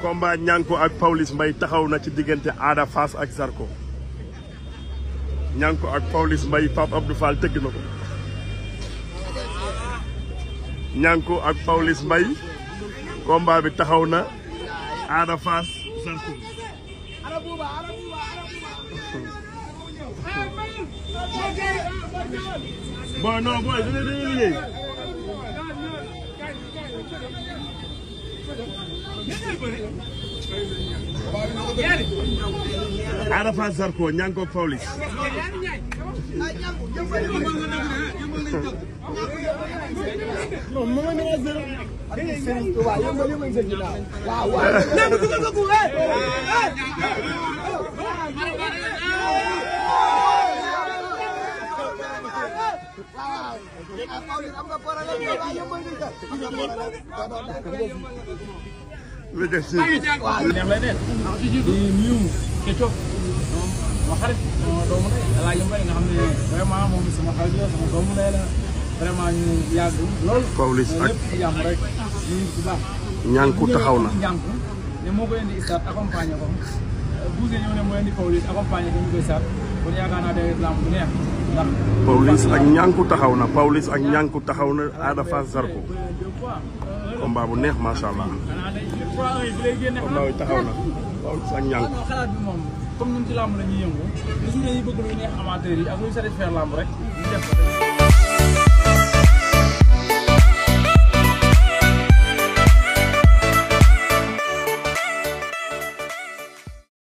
combat ñànku ak Pawlish mbay taxaw na ci diggante Ada Fass ak Zarko ñànku ak Pawlish Mbaye Pape Abdou tëgg na ko ak Pawlish mbay combat bi taxaw na Ada Fass Zarko bon non boy dañuy liggéey Ada Fass Zarko Niankok Pawlish am nga problème lu des si ma xarit sama doomu ndey El Hadj Mbaye nga xam ne vraiment lool. Pawlish ak yàlla rek ñànku taxaw na ñànku ne ak ñànku taxaw na Pawlish ak taxaw na Ada Fass Zarko. combat bu neex macha allah. combat bi taxaw na Pawlish ak Niang xalaat bi moom comme ñun ci làmb la ñuy yëngu gis ñu ne ñu bëgg yi ak luy satisfaire rek ñu def